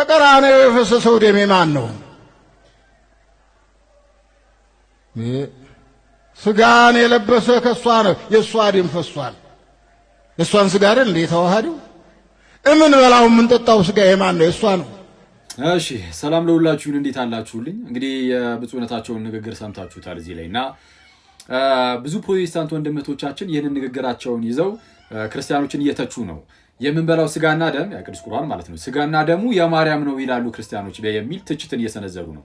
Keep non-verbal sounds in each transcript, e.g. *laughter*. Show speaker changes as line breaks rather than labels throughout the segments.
በቀራንዮ የፈሰሰው ደሜ ማን ነው? ስጋን የለበሰ ከእሷ ነው። የእሷ ደም ፈሷል። የእሷን ስጋ አይደል እንዴ የተዋሃደው? እምን በላው የምንጠጣው ስጋ የማን ነው? የእሷ ነው።
እሺ ሰላም ለሁላችሁን፣ እንዴት አላችሁልኝ? እንግዲህ የብፁዕነታቸውን ንግግር ሰምታችሁታል እዚህ ላይ እና ብዙ ፕሮቴስታንት ወንድምቶቻችን ይህንን ንግግራቸውን ይዘው ክርስቲያኖችን እየተቹ ነው። የምንበላው ስጋና ደም ቅዱስ ቁርባን ማለት ነው ስጋና ደሙ የማርያም ነው ይላሉ ክርስቲያኖች የሚል ትችትን እየሰነዘሩ ነው።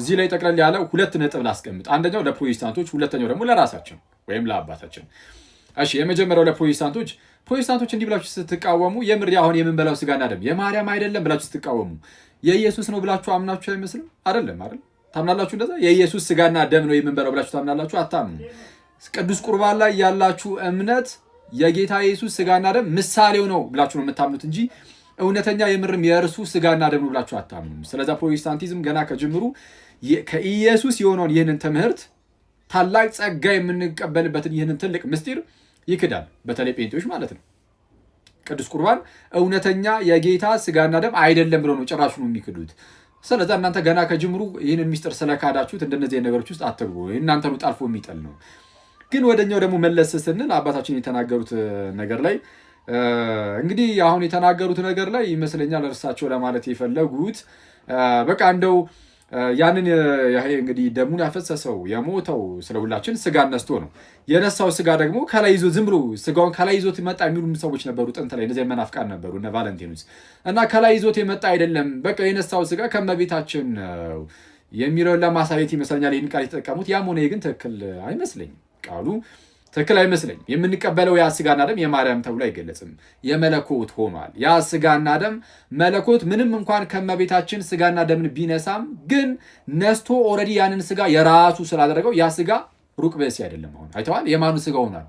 እዚህ ላይ ጠቅለል ያለ ሁለት ነጥብ ላስቀምጥ። አንደኛው ለፕሮቴስታንቶች፣ ሁለተኛው ደግሞ ለራሳችን ወይም ለአባታችን። እሺ የመጀመሪያው ለፕሮቴስታንቶች፣ ፕሮቴስታንቶች እንዲህ ብላችሁ ስትቃወሙ የምር አሁን የምንበላው ስጋና ደም የማርያም አይደለም ብላችሁ ስትቃወሙ የኢየሱስ ነው ብላችሁ አምናችሁ አይመስልም? አይደለም አይደል? ታምናላችሁ? እንደዛ የኢየሱስ ስጋና ደም ነው የምንበላው ብላችሁ ታምናላችሁ? አታምኑ። ቅዱስ ቁርባን ላይ ያላችሁ እምነት የጌታ ኢየሱስ ስጋና ደም ምሳሌው ነው ብላችሁ ነው የምታምኑት እንጂ እውነተኛ የምርም የእርሱ ስጋና ደም ነው ብላችሁ አታምኑም። ስለዚ ፕሮቴስታንቲዝም ገና ከጅምሩ ከኢየሱስ የሆነውን ይህንን ትምህርት ታላቅ ጸጋ የምንቀበልበትን ይህንን ትልቅ ምስጢር ይክዳል። በተለይ ጴንጤዎች ማለት ነው። ቅዱስ ቁርባን እውነተኛ የጌታ ስጋና ደም አይደለም ብለው ነው ጭራሹ ነው የሚክዱት። ስለዚ እናንተ ገና ከጅምሩ ይህንን ሚስጥር ስለካዳችሁት እንደነዚህ ነገሮች ውስጥ አትግቡ። እናንተ ጣልፎ የሚጥል ነው። ግን ወደኛው ደግሞ መለስ ስንል አባታችን የተናገሩት ነገር ላይ እንግዲህ አሁን የተናገሩት ነገር ላይ ይመስለኛል እርሳቸው ለማለት የፈለጉት በቃ እንደው ያንን እንግዲህ ደሙን ያፈሰሰው የሞተው ስለ ሁላችን ስጋ ነስቶ ነው። የነሳው ስጋ ደግሞ ከላይ ይዞ ዝም ብሎ ስጋውን ከላይ ይዞት መጣ የሚሉ ሰዎች ነበሩ። ጥንት ላይ እነዚያ መናፍቃን ነበሩ እነ ቫለንቲኑስ እና ከላይ ይዞት የመጣ አይደለም፣ በቃ የነሳው ስጋ ከመቤታችን የሚለውን ለማሳየት ይመስለኛል ይህን ቃል የተጠቀሙት። ያም ሆነ ግን ትክክል አይመስለኝም። ቃሉ ትክክል አይመስለኝም። የምንቀበለው ያ ስጋና ደም የማርያም ተብሎ አይገለጽም፣ የመለኮት ሆኗል። ያ ስጋና ደም መለኮት ምንም እንኳን ከመቤታችን ስጋና ደምን ቢነሳም ግን ነስቶ ኦልሬዲ ያንን ስጋ የራሱ ስላደረገው ያ ስጋ ሩቅ በሲ አይደለም። አሁን አይተዋል። የማኑ ስጋ ሆኗል?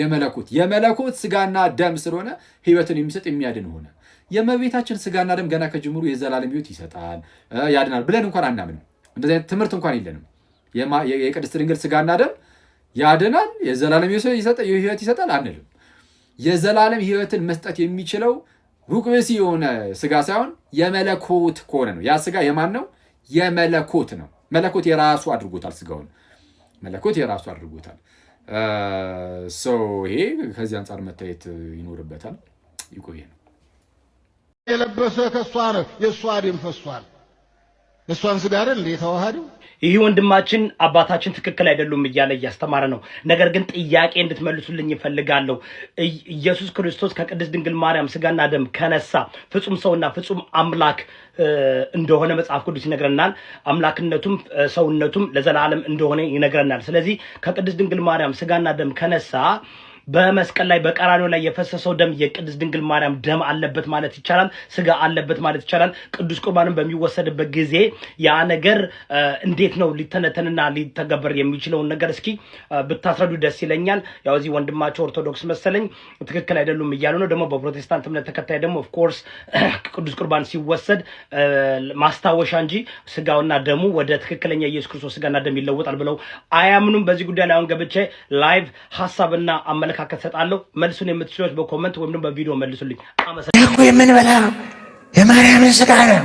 የመለኮት የመለኮት ስጋና ደም ስለሆነ ህይወትን የሚሰጥ የሚያድን ሆነ። የመቤታችን ስጋና ደም ገና ከጅምሩ የዘላለም ህይወት ይሰጣል፣ ያድናል ብለን እንኳን አናምንም። እንደዚህ አይነት ትምህርት እንኳን የለንም። የቅድስት ድንግል ስጋና ደም ያድናል፣ የዘላለም ህይወት ይሰጣል አንልም። የዘላለም ህይወትን መስጠት የሚችለው ሩቅብሲ የሆነ ስጋ ሳይሆን የመለኮት ከሆነ ነው። ያ ስጋ የማን ነው? የመለኮት ነው። መለኮት የራሱ አድርጎታል ስጋውን፣ መለኮት የራሱ አድርጎታል። ሰው ይሄ ከዚህ አንጻር መታየት ይኖርበታል። ይቆየ ነው
የለበሰ ከእሷ ነው፣ የእሷ ደም ፈሷል። እሷን ስዳር እንዴ ተዋህዱ
ይህ ወንድማችን አባታችን ትክክል አይደሉም እያለ እያስተማረ ነው። ነገር ግን ጥያቄ እንድትመልሱልኝ ይፈልጋለሁ። ኢየሱስ ክርስቶስ ከቅድስት ድንግል ማርያም ስጋና ደም ከነሳ ፍጹም ሰውና ፍጹም አምላክ እንደሆነ መጽሐፍ ቅዱስ ይነግረናል። አምላክነቱም ሰውነቱም ለዘላለም እንደሆነ ይነግረናል። ስለዚህ ከቅድስት ድንግል ማርያም ስጋና ደም ከነሳ በመስቀል ላይ በቀራንዮ ላይ የፈሰሰው ደም የቅድስት ድንግል ማርያም ደም አለበት ማለት ይቻላል። ስጋ አለበት ማለት ይቻላል። ቅዱስ ቁርባንን በሚወሰድበት ጊዜ ያ ነገር እንዴት ነው ሊተነተንና ሊተገበር የሚችለውን ነገር እስኪ ብታስረዱ ደስ ይለኛል። ያው እዚህ ወንድማቸው ኦርቶዶክስ መሰለኝ ትክክል አይደሉም እያሉ ነው። ደግሞ በፕሮቴስታንት እምነት ተከታይ ደግሞ ኦፍኮርስ *clears throat* ቅዱስ ቁርባን ሲወሰድ ማስታወሻ እንጂ ስጋውና ደሙ ወደ ትክክለኛ ኢየሱስ ክርስቶስ ስጋና ደም ይለወጣል ብለው አያምኑም። በዚህ ጉዳይ ላይ አሁን ገብቼ ላይቭ ሀሳብና አመለካ አመለካከት ሰጣለሁ። መልሱን የምትችሎች በኮመንት ወይም በቪዲዮ መልሱልኝ።
አመሰግናለሁ። የምንበላው የማርያምን ስጋ ነው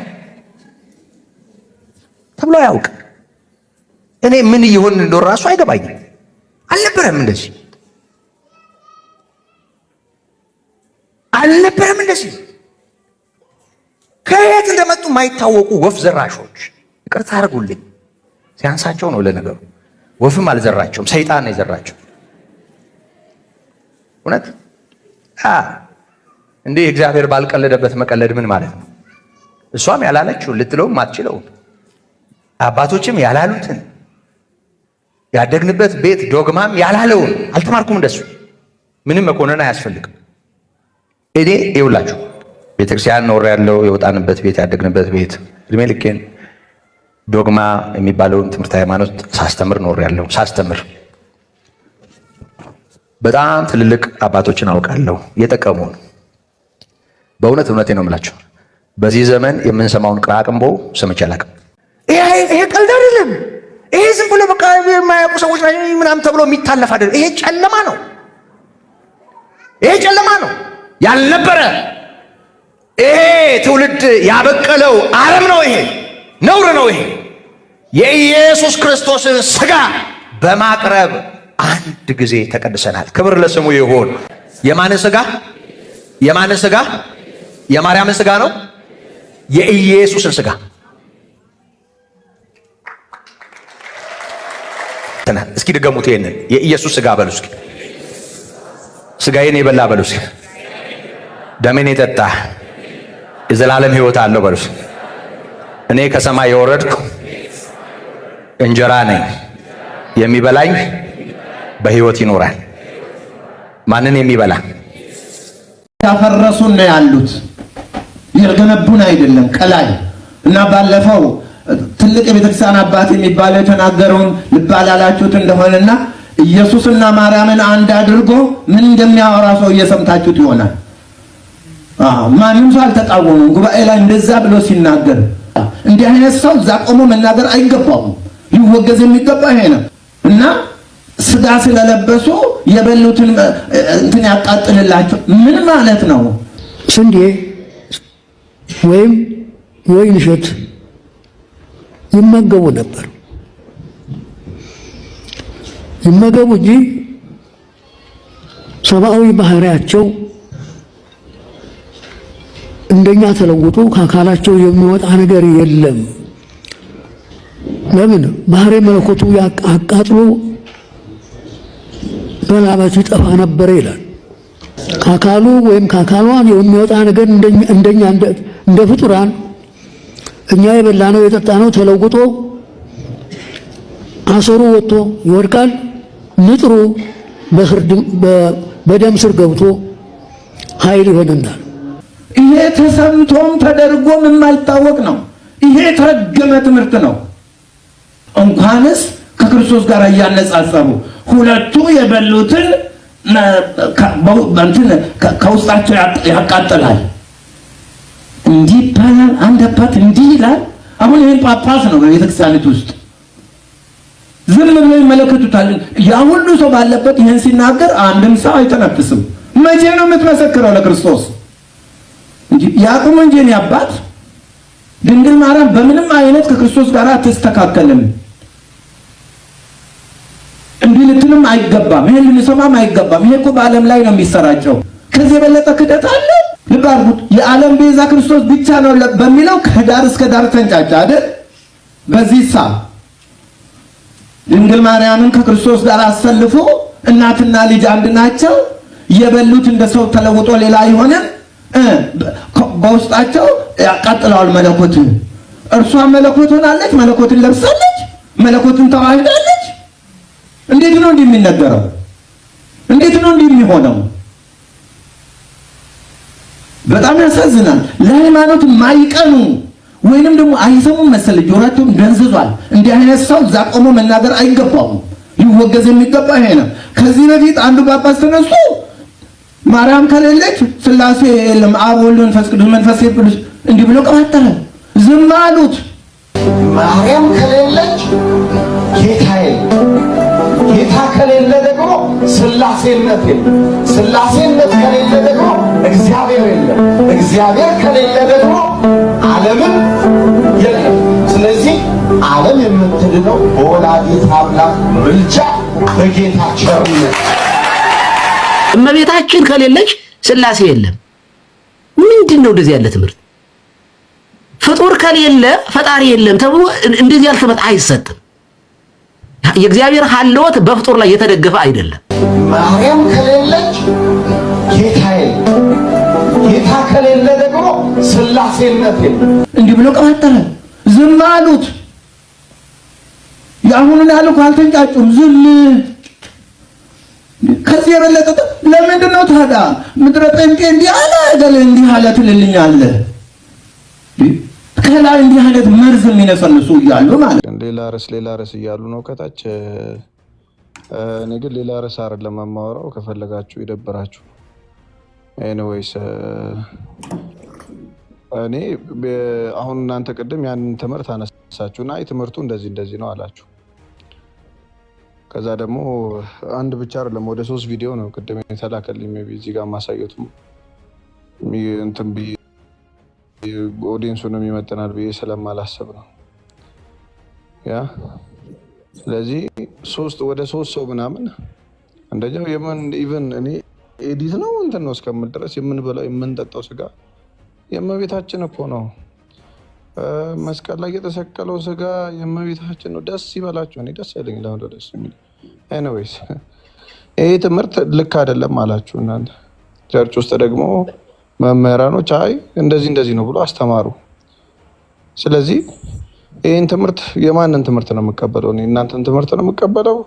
ተብሎ አያውቅ። እኔ ምን እየሆን እንደሆነ ራሱ አይገባኝም። አልነበረም እንደዚህ አልነበረም እንደዚህ ከየት እንደመጡ የማይታወቁ ወፍ ዘራሾች ይቅርታ አድርጉልኝ፣ ሲያንሳቸው ነው ለነገሩ። ወፍም አልዘራቸውም፣ ሰይጣን ነው የዘራቸው። እውነት እንዲህ እግዚአብሔር ባልቀለደበት መቀለድ ምን ማለት ነው? እሷም ያላለችው ልትለውም አትችለውም። አባቶችም ያላሉትን ያደግንበት ቤት ዶግማም ያላለውን አልተማርኩም። እንደሱ ምንም መኮንን አያስፈልግም። እኔ ይውላችሁ ቤተክርስቲያን ኖር ያለው የወጣንበት ቤት ያደግንበት ቤት እድሜ ልኬን ዶግማ የሚባለውን ትምህርት ሃይማኖት ሳስተምር ኖር ያለው ሳስተምር በጣም ትልልቅ አባቶችን አውቃለሁ የጠቀሙን በእውነት እውነቴ ነው የምላቸው። በዚህ ዘመን የምንሰማውን ቅራቅንቦ ሰምቼ አላውቅም። ይሄ ቀልድ አይደለም። ይሄ ዝም ብሎ በቃ የማያውቁ ሰዎች ምናምን ተብሎ የሚታለፍ አይደለም። ይሄ ጨለማ ነው። ይሄ ጨለማ ነው ያልነበረ ይሄ ትውልድ ያበቀለው አረም ነው። ይሄ ነውር ነው። ይሄ የኢየሱስ ክርስቶስን ስጋ በማቅረብ አንድ ጊዜ ተቀድሰናል። ክብር ለስሙ ይሁን። የማንን ስጋ የማን ስጋ? የማርያምን ስጋ ነው። የኢየሱስን ሥጋ እስኪ ድገሙት። ይሄንን የኢየሱስ ስጋ በሉ እስኪ። ሥጋዬን የበላ በሉ እስኪ። ደሜን የጠጣ የዘላለም ሕይወት አለው በሉ እስኪ። እኔ ከሰማይ የወረድኩ እንጀራ ነኝ የሚበላኝ በህይወት ይኖራል። ማንን የሚበላ ያፈረሱን ነው ያሉት የገነቡን አይደለም። ቀላይ እና ባለፈው ትልቅ የቤተክርስቲያን አባት የሚባለው የተናገረውን ልብ አላላችሁት እንደሆነና ኢየሱስና ማርያምን አንድ አድርጎ ምን እንደሚያወራ ሰው እየሰምታችሁት ይሆናል። ማንም ሰው አልተቃወሙም። ጉባኤ ላይ እንደዛ ብሎ ሲናገር እንዲህ አይነት ሰው እዛ ቆሞ መናገር አይገባውም። ሊወገዝ የሚገባ ይሄ ነው እና ስጋ ስለለበሱ የበሉትን እንትን ያቃጥልላቸው። ምን ማለት ነው? ስንዴ ወይም የወይን እሸት ይመገቡ ነበር። ይመገቡ እንጂ ሰብአዊ ባህሪያቸው እንደኛ ተለውጦ ከአካላቸው የሚወጣ ነገር የለም። ለምን? ባህሪ መለኮቱ አቃጥሎ መላበሱ ይጠፋ ነበረ ይላል። ከአካሉ ወይም ከአካሏ የሚወጣ ነገር እንደኛ እንደ ፍጡራን እኛ ነው የጠጣ ነው ተለውጦ አሰሩ ወጥቶ ይወድቃል። ንጥሩ በደም ስር ገብቶ ኃይል ይሆንናል። ይሄ ተሰምቶም ተደርጎም የማይታወቅ ነው። ይሄ የተረገመ ትምህርት ነው። እንኳንስ ከክርስቶስ ጋር እያነጻጸሩ ሁለቱ የበሉትን ከውስጣቸው ያቃጥላል። እንዲህ ይባላል። አንድ አባት እንዲህ ይላል። አሁን ይህን ጳጳስ ነው በቤተክርስቲያኒት ውስጥ ዝም ብለው ይመለከቱታል። ያ ሁሉ ሰው ባለበት ይህን ሲናገር አንድም ሰው አይተነፍስም። መቼ ነው የምትመሰክረው ለክርስቶስ? ያቁም እንጂ እኔ አባት ድንግል ማርያም በምንም አይነት ከክርስቶስ ጋር አትስተካከልም። ልትልም አይገባም። ይሄን ልንሰማም አይገባም። ይሄ እኮ በዓለም ላይ ነው የሚሰራጨው። ከዚህ የበለጠ ክደት አለ? ልብ አድርጉት። የዓለም ቤዛ ክርስቶስ ብቻ ነው በሚለው ከዳር እስከ ዳር ተንጫጫ አይደል? በዚህ ሳ ድንግል ማርያምን ከክርስቶስ ጋር አሰልፎ እናትና ልጅ አንድ ናቸው። የበሉት እንደ ሰው ተለውጦ ሌላ አይሆንም። በውስጣቸው ያቃጥለዋል መለኮት። እርሷ መለኮት ሆናለች፣ መለኮትን ለብሳለች፣ መለኮትን ተዋህዳለች። እንዴት ነው እንዲህ የሚነገረው? እንዴት ነው እንዲህ የሚሆነው? በጣም ያሳዝናል። ለሃይማኖት ማይቀኑ ወይንም ደግሞ አይሰሙም መሰለ ጆሮአቸውም ደንዝዟል። እንዲህ አይነት ሰው እዛ ቆሞ መናገር አይገባውም። ሊወገዝ የሚገባ ይሄ ነው። ከዚህ በፊት አንዱ ጳጳስ ተነሱ ማርያም ከሌለች ስላሴ የለም አብ ወልድ መንፈስ ቅዱስ መንፈስ ቅዱስ እንዲህ ብሎ ቀባጠረ። ዝም አሉት። ማርያም ከሌለች ጌታ የለም። ጌታ ከሌለ ደግሞ ስላሴነት የለም። ስላሴነት ከሌለ ደግሞ እግዚአብሔር የለም። እግዚአብሔር ከሌለ ደግሞ ዓለምም የለም። ስለዚህ ዓለም የምትድነው በወላዲተ አምላክ ምልጃ በጌታ ቸርነት። እመቤታችን ከሌለች ስላሴ የለም። ምንድን ነው እንደዚህ ያለ ትምህርት? ከሌለ ፈጣሪ የለም ተብሎ እንደዚህ ያለ ትምህርት አይሰጥም። የእግዚአብሔር ሀልወት በፍጡር ላይ የተደገፈ አይደለም። ማርያም ከሌለች ጌታ የለም፣ ጌታ ከሌለ ደግሞ ስላሴነት የለም። እንዲህ ብሎ ቀባጠረ። ዝም አሉት። የአሁኑን ያህል እኮ አልተንጫጩም። ዝም ከዚህ የበለጠ ለምንድን ነው ታዲያ ምድረ ጴንጤ እንዲህ አለ ገለ እንዲህ አለ ትልልኛለህ ከላይ እንዲህ አይነት መርዝ የሚነሰንሱ እያሉ ማለት
ሌላ ርዕስ ሌላ ርዕስ እያሉ ነው ከታች። እኔ ግን ሌላ ርዕስ አይደለም የማወራው። ከፈለጋችሁ ይደብራችሁ። ኤኒዌይስ እኔ አሁን እናንተ ቅድም ያንን ትምህርት አነሳችሁ እና ትምህርቱ እንደዚህ እንደዚህ ነው አላችሁ። ከዛ ደግሞ አንድ ብቻ አይደለም ወደ ሶስት ቪዲዮ ነው ቅድም የተላከልኝ። እዚህ ጋር ማሳየቱ እንትን ብዬ ኦዲየንሱንም ይመጥናል ብዬ ስለማላስብ ነው። ያ ስለዚህ ሶስት ወደ ሶስት ሰው ምናምን እንደኛው ኢቨን እኔ ኤዲት ነው እንትን ነው እስከምል ድረስ የምንበላው የምንጠጣው ስጋ የእመቤታችን እኮ ነው። መስቀል ላይ የተሰቀለው ስጋ የእመቤታችን ነው። ደስ ይበላቸው። እኔ ደስ አይለኝ። ለምደ ደስ የሚል ኤኒዌይስ፣ ይህ ትምህርት ልክ አይደለም አላችሁ እናንተ ቸርች ውስጥ ደግሞ መምህራኖች አይ እንደዚህ እንደዚህ ነው ብሎ አስተማሩ። ስለዚህ ይህን ትምህርት የማንን ትምህርት ነው የምቀበለው? እናንተን ትምህርት ነው የምቀበለው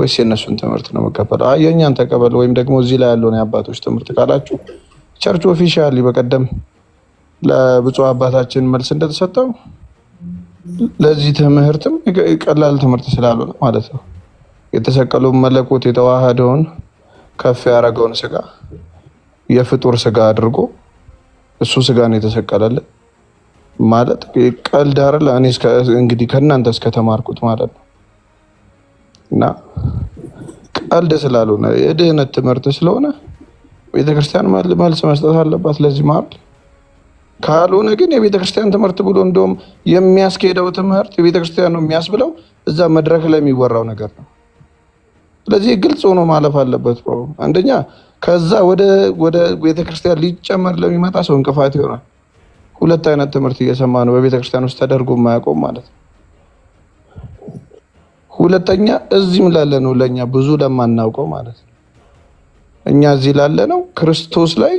ወይስ የእነሱን ትምህርት ነው የምቀበለው? አይ የእኛን ተቀበል ወይም ደግሞ እዚህ ላይ ያለውን የአባቶች ትምህርት ካላችሁ ቸርች ኦፊሻሊ በቀደም ለብፁ አባታችን መልስ እንደተሰጠው ለዚህ ትምህርትም ቀላል ትምህርት ስላልሆነ ማለት ነው የተሰቀሉ መለኮት የተዋሃደውን ከፍ ያደረገውን ስጋ የፍጡር ስጋ አድርጎ እሱ ስጋ ነው የተሰቀለልን ማለት ቀልድ አይደለ። እኔ እንግዲህ ከእናንተ እስከተማርኩት ማለት ነው እና ቀልድ ስላልሆነ የድህነት ትምህርት ስለሆነ ቤተክርስቲያን መልስ መስጠት አለባት ለዚህ ማለት ካልሆነ ግን የቤተክርስቲያን ትምህርት ብሎ እንደውም የሚያስኬደው ትምህርት የቤተክርስቲያን ነው የሚያስብለው እዛ መድረክ ላይ የሚወራው ነገር ነው። ስለዚህ ግልጽ ሆኖ ማለፍ አለበት። አንደኛ ከዛ ወደ ወደ ቤተክርስቲያን ሊጨመር ለሚመጣ ሰው እንቅፋት ይሆናል። ሁለት አይነት ትምህርት እየሰማ ነው በቤተክርስቲያን ውስጥ ተደርጎ የማያውቀውም ማለት ነው። ሁለተኛ እዚህም ላለ ነው ለእኛ ብዙ ለማናውቀው ማለት ነው። እኛ እዚህ ላለ ነው ክርስቶስ ላይ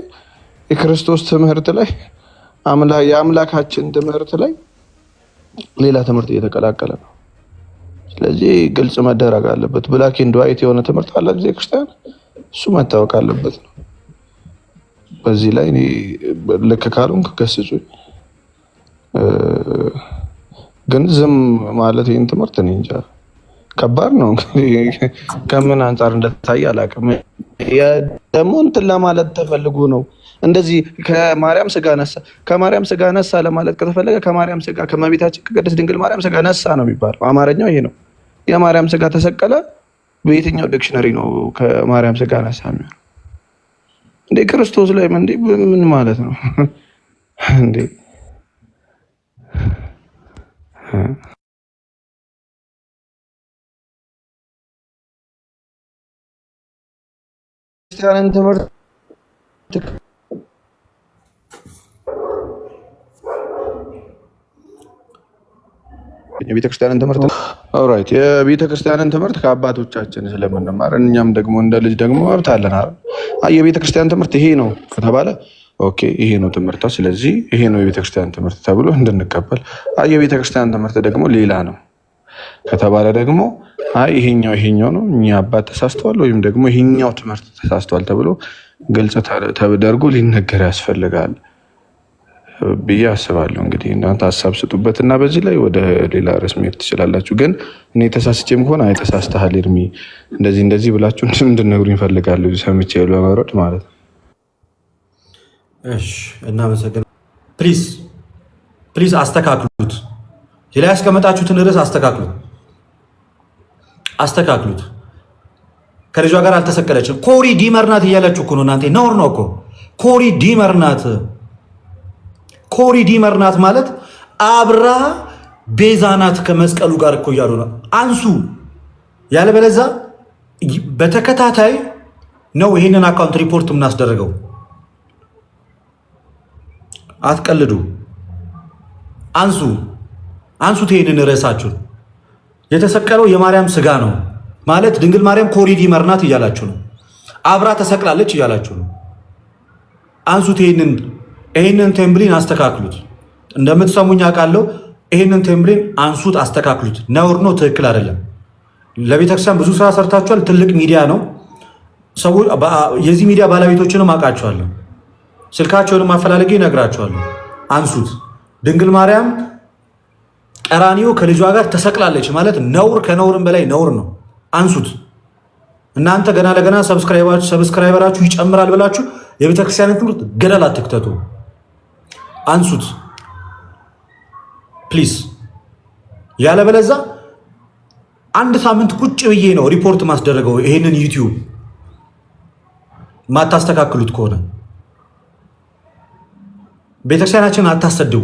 የክርስቶስ ትምህርት ላይ የአምላካችን ትምህርት ላይ ሌላ ትምህርት እየተቀላቀለ ነው። ስለዚህ ግልጽ መደረግ አለበት። ብላክ ኤንድ ዋይት የሆነ ትምህርት አለ ቤተክርስቲያን እሱ መታወቅ አለበት ነው። በዚህ ላይ ልክ ካልሆንክ ገስጹኝ፣ ግን ዝም ማለት ይህን ትምህርት እኔ እንጃ ከባድ ነው። *laughs* ከምን አንጻር እንደታየ አላውቅም። ደግሞ እንትን ለማለት ተፈልጎ ነው እንደዚህ ከማርያም ስጋ ነሳ፣ ከማርያም ስጋ ነሳ ለማለት ከተፈለገ ከማርያም ስጋ ከመቤታችን ከቅድስት ድንግል ማርያም ስጋ ነሳ ነው የሚባለው። አማርኛው ይሄ ነው። የማርያም ስጋ ተሰቀለ በየትኛው ዲክሽነሪ ነው ከማርያም ስጋ ነሳ የሚሆን? እንዴ ክርስቶስ ላይ ምን ምን ማለት ነው *laughs* እንዴ? ክርስቲያንን ትምህርት የቤተክርስቲያንን ትምህርት ኦራይት የቤተ ክርስቲያንን ትምህርት ከአባቶቻችን ስለምንማር እኛም ደግሞ እንደ ልጅ ደግሞ መብት አለን። የቤተ ክርስቲያን ትምህርት ይሄ ነው ከተባለ ኦኬ ይሄ ነው ትምህርቷ። ስለዚህ ይሄ ነው የቤተ ክርስቲያን ትምህርት ተብሎ እንድንቀበል። የቤተ ክርስቲያን ትምህርት ደግሞ ሌላ ነው ከተባለ ደግሞ አይ ይሄኛው ይሄኛው ነው እኛ አባት ተሳስተዋል ወይም ደግሞ ይሄኛው ትምህርት ተሳስተዋል ተብሎ ግልጽ ተደርጎ ሊነገር ያስፈልጋል። ብዬ አስባለሁ። እንግዲህ እናንተ ሀሳብ ስጡበት እና በዚህ ላይ ወደ ሌላ ርዕስ መሄድ ትችላላችሁ። ግን እኔ ተሳስቼም ከሆነ አይተሳስተሃል እድሜ እንደዚህ እንደዚህ ብላችሁ *laughs* እንድነግሩ ይፈልጋሉ ሰምቼ ለመሮጥ ማለት ነው። እሺ እናመሰግናለን። ፕሊዝ ፕሊዝ አስተካክሉት። ሌላ ያስቀመጣችሁትን ርዕስ አስተካክሉት፣ አስተካክሉት። ከልጇ ጋር አልተሰቀለችም ኮሪ ዲመር ናት እያላችሁ እኮ ነው እናንተ። ነውር ነው እኮ ኮሪ ዲመር ናት ኮሪ ዲመር ናት ማለት አብራ ቤዛ ናት ከመስቀሉ ጋር እኮ እያሉ ነው። አንሱ ያለበለዛ በተከታታይ ነው ይህንን አካውንት ሪፖርት የምናስደረገው። አትቀልዱ። አንሱ አንሱት ይህንን ርዕሳችሁን። የተሰቀለው የማርያም ስጋ ነው ማለት ድንግል ማርያም ኮሪዲ መርናት እያላችሁ ነው። አብራ ተሰቅላለች እያላችሁ ነው። አንሱት ይህንን ይህንን ቴምብሊን አስተካክሉት። እንደምትሰሙኝ አውቃለሁ። ይህንን ቴምብሊን አንሱት፣ አስተካክሉት። ነውር ነው፣ ትክክል አይደለም። ለቤተክርስቲያን ብዙ ስራ ሰርታችኋል። ትልቅ ሚዲያ ነው። የዚህ ሚዲያ ባለቤቶችንም አውቃቸዋለሁ። ስልካቸውንም አፈላለጌ ይነግራቸዋለሁ። አንሱት። ድንግል ማርያም ቀራኒዮ ከልጇ ጋር ተሰቅላለች ማለት ነውር ከነውርም በላይ ነውር ነው። አንሱት። እናንተ ገና ለገና ሰብስክራይበራችሁ ይጨምራል ብላችሁ የቤተክርስቲያንን ትምህርት ገደል አትክተቱ። አንሱት ፕሊስ ያለበለዛ አንድ ሳምንት ቁጭ ብዬ ነው ሪፖርት ማስደረገው ይሄንን ዩቲዩብ ማታስተካክሉት ከሆነ ቤተክርስቲያናችን አታሰድቡ።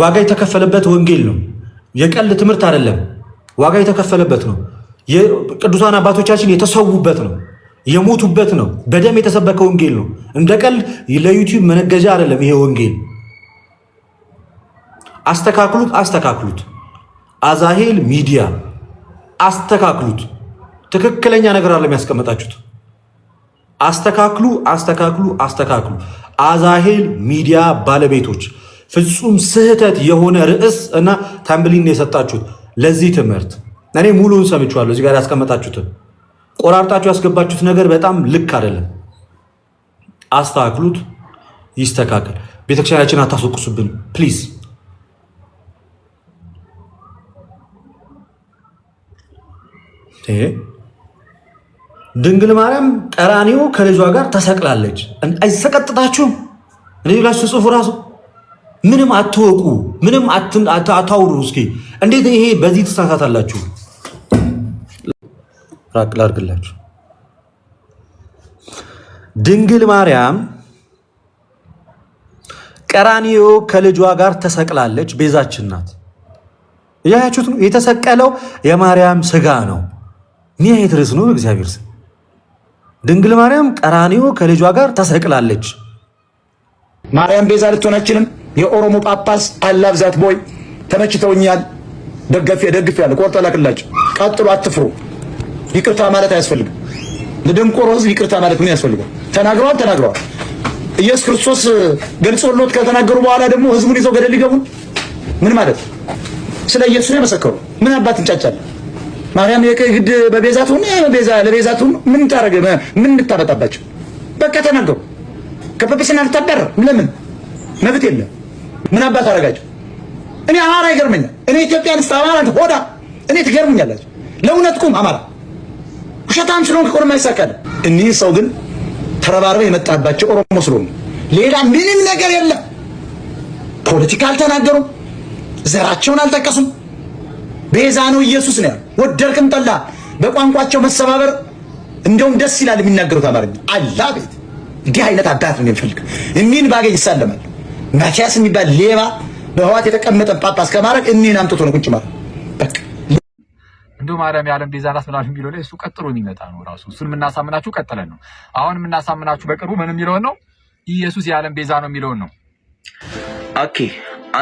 ዋጋ የተከፈለበት ወንጌል ነው፣ የቀል ትምህርት አይደለም። ዋጋ የተከፈለበት ነው። የቅዱሳን አባቶቻችን የተሰዉበት ነው፣ የሞቱበት ነው። በደም የተሰበከ ወንጌል ነው። እንደ ቀል ለዩቲዩብ መነገጃ አይደለም ይሄ ወንጌል። አስተካክሉት፣ አስተካክሉት። አዛሄል ሚዲያ አስተካክሉት። ትክክለኛ ነገር አለ የሚያስቀመጣችሁት። አስተካክሉ፣ አስተካክሉ፣ አስተካክሉ። አዛሄል ሚዲያ ባለቤቶች ፍጹም ስህተት የሆነ ርዕስ እና ታምብሊን የሰጣችሁት ለዚህ ትምህርት እኔ ሙሉውን ሰምቼዋለሁ። እዚህ ጋር ያስቀመጣችሁትን ቆራርጣችሁ ያስገባችሁት ነገር በጣም ልክ አይደለም። አስተካክሉት፣ ይስተካከል። ቤተክርስቲያናችን አታስወቅሱብን ፕሊዝ። ድንግል ማርያም ቀራኒው ከልጇ ጋር ተሰቅላለች። አይሰቀጥታችሁም? እኔ ላችሁ ጽፉ ራሱ ምንም አትወቁ፣ ምንም አታውሩ። እስኪ እንዴት ይሄ በዚህ ትሳሳታላችሁ? ራቅ ላርግላችሁ። ድንግል ማርያም ቀራኒዮ ከልጇ ጋር ተሰቅላለች፣ ቤዛችን ናት። እያያችሁት ነው። የተሰቀለው የማርያም ስጋ ነው። ንያየት ርዕስ ነው በእግዚአብሔር ስም። ድንግል ማርያም ቀራኒዮ ከልጇ ጋር ተሰቅላለች። ማርያም ቤዛ ልትሆን የኦሮሞ ጳጳስ አላብዛት ቦይ ተመችተውኛል። ደገፍ ደግፍ ያለ ቆርጠ ላክላቸው። ቀጥሎ አትፍሩ። ይቅርታ ማለት አያስፈልግም። ለደንቆሮ ህዝብ ይቅርታ ማለት ምን ያስፈልጋል? ተናግረዋል ተናግረዋል። ኢየሱስ ክርስቶስ ገልጾሎት ከተናገሩ በኋላ ደግሞ ህዝቡን ይዘው ገደል ሊገቡ ምን ማለት? ስለ ኢየሱስ ነው የመሰከሩ። ምን አባት እንጫጫለን? ማርያም የቀይ ግድ በቤዛ ትሁን በቤዛ ለቤዛት ሆነ ምን ታረገ ምን እንታመጣባቸው? በቃ ተናገሩ። ከጵጵስና ልታባረር ለምን መብት የለም። ምን አባት አደረጋቸው? እኔ አማራ ይገርመኛል። እኔ ኢትዮጵያን ስታ አማራ ሆዳ እኔ ትገርመኛላችሁ ለእውነት ቁም አማራ። ውሸታም ስለሆንክ ቆርማ ይሳካል። እኒህ ሰው ግን ተረባርበ የመጣባቸው ኦሮሞ ስለሆኑ ሌላ ምንም ነገር የለም። ፖለቲካ አልተናገሩም። ዘራቸውን አልጠቀሱም። ቤዛ ነው ኢየሱስ ነው ወደርክም ጠላ በቋንቋቸው መሰባበር እንደውም ደስ ይላል የሚናገሩት አማርኛ አላ ቤት እንዲህ አይነት አባት ነው የሚፈልግ እኒን ባገኝ ይሳለማል ማቲያስ የሚባል ሌባ በህዋት የተቀመጠ ጳጳስ ከማድረግ እኒን አምጥቶ ነው ቁጭ ማለት በቃ እንዶ ማርያም የዓለም ቤዛ ናት ምናምን የሚለው ላይ እሱ ቀጥሎ የሚመጣ ነው ራሱ እሱን የምናሳምናችሁ ቀጥለን ነው አሁን የምናሳምናችሁ በቅርቡ ምን የሚለውን ነው ኢየሱስ የዓለም ቤዛ ነው የሚለውን ነው ኦኬ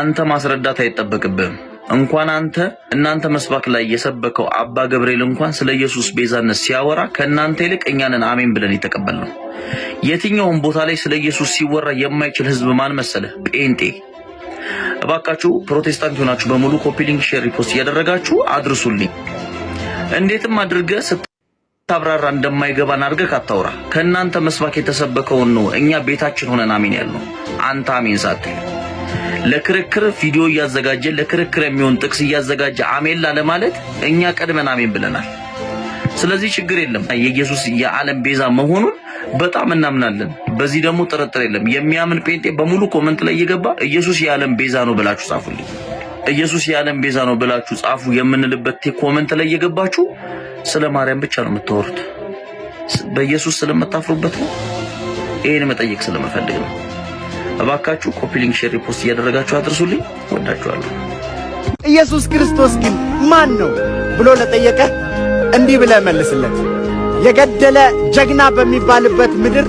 አንተ ማስረዳት አይጠበቅብህም እንኳን አንተ እናንተ መስባክ ላይ የሰበከው አባ ገብርኤል እንኳን ስለ ኢየሱስ ቤዛነት ሲያወራ ከእናንተ ይልቅ እኛንን አሜን ብለን የተቀበልነው። የትኛውም ቦታ ላይ ስለ ኢየሱስ ሲወራ የማይችል ህዝብ ማን መሰለ? ጴንጤ። እባካችሁ ፕሮቴስታንት ሆናችሁ በሙሉ ኮፒሊንግ ሼር፣ ሪፖስት እያደረጋችሁ አድርሱልኝ። እንዴትም አድርገ ስታብራራ እንደማይገባን አድርገ ካታውራ ከእናንተ መስባክ የተሰበከውን ነው እኛ ቤታችን ሆነን አሜን ያልነው አንተ አሜን ሳትል ለክርክር ቪዲዮ እያዘጋጀ ለክርክር የሚሆን ጥቅስ እያዘጋጀ አሜን ለማለት እኛ ቀድመን አሜን ብለናል። ስለዚህ ችግር የለም። የኢየሱስ የዓለም ቤዛ መሆኑን በጣም እናምናለን። በዚህ ደግሞ ጥርጥር የለም። የሚያምን ጴንጤ በሙሉ ኮመንት ላይ እየገባ ኢየሱስ የዓለም ቤዛ ነው ብላችሁ ጻፉልኝ፣ ኢየሱስ የዓለም ቤዛ ነው ብላችሁ ጻፉ የምንልበት ኮመንት ላይ እየገባችሁ ስለ ማርያም ብቻ ነው የምታወሩት። በኢየሱስ ስለምታፍሩበት ነው። ይህን መጠየቅ ስለመፈልግ ነው። እባካችሁ ኮፒ ሊንክ፣ ሼር፣ ሪፖስት እያደረጋችሁ አድርሱልኝ። ወዳችኋለሁ። ኢየሱስ ክርስቶስ ግን ማን ነው ብሎ ለጠየቀ እንዲህ ብለ መልስለት። የገደለ ጀግና በሚባልበት ምድር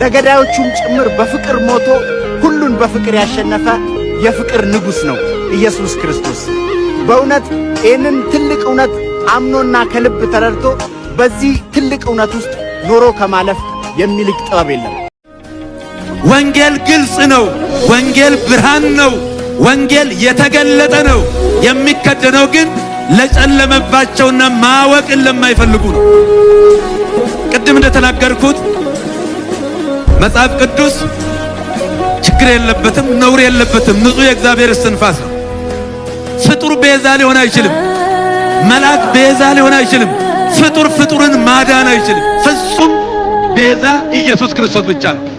ለገዳዮቹም ጭምር በፍቅር ሞቶ ሁሉን በፍቅር ያሸነፈ የፍቅር ንጉሥ ነው ኢየሱስ ክርስቶስ። በእውነት ይህንን ትልቅ እውነት አምኖና ከልብ ተረድቶ በዚህ ትልቅ እውነት ውስጥ ኖሮ ከማለፍ የሚልቅ ጥበብ የለም። ወንጌል ግልጽ ነው። ወንጌል ብርሃን ነው። ወንጌል የተገለጠ ነው። የሚከደነው ግን ለጨለመባቸውና ማወቅን ለማይፈልጉ ነው። ቅድም እንደተናገርኩት መጽሐፍ ቅዱስ ችግር የለበትም፣ ነውር የለበትም። ንጹሕ የእግዚአብሔር እስትንፋስ ነው። ፍጡር ቤዛ ሊሆን አይችልም። መልአክ ቤዛ ሊሆን አይችልም። ፍጡር ፍጡርን ማዳን አይችልም። ፍጹም ቤዛ ኢየሱስ ክርስቶስ ብቻ ነው።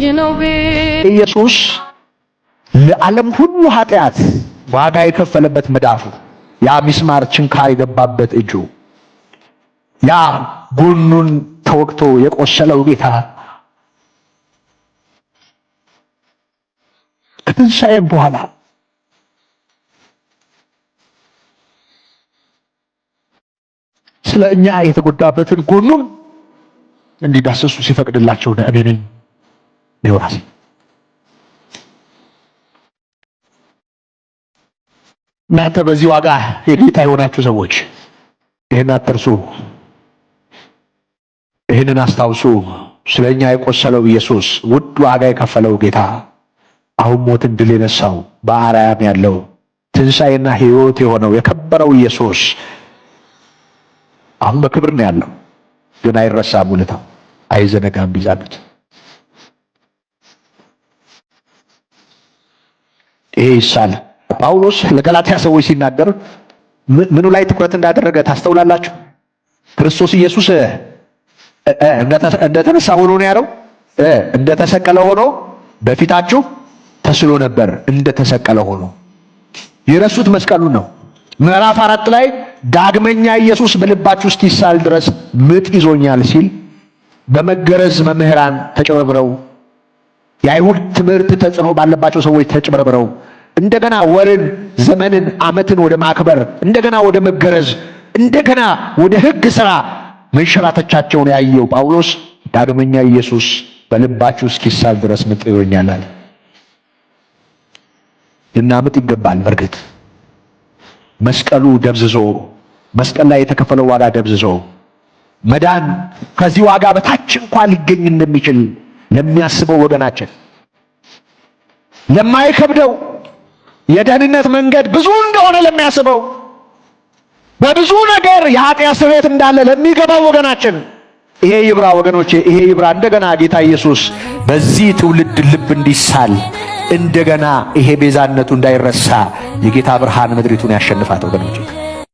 ኢየሱስ ለዓለም ሁሉ ኃጢአት ዋጋ የከፈለበት መዳፉ፣ ያ ሚስማር ችንካር የገባበት እጁ፣ ያ ጎኑን ተወቅቶ የቆሰለው ጌታ ከትንሣኤም በኋላ ስለ እኛ የተጎዳበትን ጎኑን እንዲዳሰሱ ሲፈቅድላቸው እኔ ነኝ ይኖራል። እናንተ በዚህ ዋጋ የጌታ የሆናችሁ ሰዎች ይህን አትርሱ፣ ይህንን አስታውሱ። ስለኛ የቆሰለው ኢየሱስ ውድ ዋጋ የከፈለው ጌታ አሁን ሞትን ድል የነሳው በአርያም ያለው ትንሣኤና ሕይወት የሆነው የከበረው ኢየሱስ አሁን በክብር ነው ያለው። ግን አይረሳም ውለታው፣ አይዘነጋም ቢዛሉት ይሄ ይሳል። ጳውሎስ ለገላትያ ሰዎች ሲናገር ምኑ ላይ ትኩረት እንዳደረገ ታስተውላላችሁ? ክርስቶስ ኢየሱስ እንደተነሳ ሆኖ ነው ያለው። እንደተሰቀለ ሆኖ በፊታችሁ ተስሎ ነበር። እንደተሰቀለ ሆኖ የረሱት መስቀሉን ነው። ምዕራፍ አራት ላይ ዳግመኛ ኢየሱስ በልባችሁ እስኪሳል ድረስ ምጥ ይዞኛል ሲል በመገረዝ መምህራን ተጨበብረው የአይሁድ ትምህርት ተጽዕኖ ባለባቸው ሰዎች ተጨበርብረው እንደገና ወርን፣ ዘመንን፣ ዓመትን ወደ ማክበር እንደገና ወደ መገረዝ እንደገና ወደ ሕግ ሥራ መንሸራተቻቸውን ያየው ጳውሎስ ዳግመኛ ኢየሱስ በልባችሁ እስኪሳል ድረስ ምጥ ይሆኛላል። ልናምጥ ይገባል። በርግጥ መስቀሉ ደብዝዞ መስቀል ላይ የተከፈለው ዋጋ ደብዝዞ መዳን ከዚህ ዋጋ በታች እንኳን ሊገኝ እንደሚችል ለሚያስበው ወገናችን ለማይከብደው የደህንነት መንገድ ብዙ እንደሆነ ለሚያስበው በብዙ ነገር የኃጢአት ስርየት እንዳለ ለሚገባው ወገናችን ይሄ ይብራ፣ ወገኖቼ ይሄ ይብራ። እንደገና ጌታ ኢየሱስ በዚህ ትውልድ ልብ እንዲሳል እንደገና ይሄ ቤዛነቱ እንዳይረሳ የጌታ ብርሃን ምድሪቱን ያሸንፋት ወገኖቼ።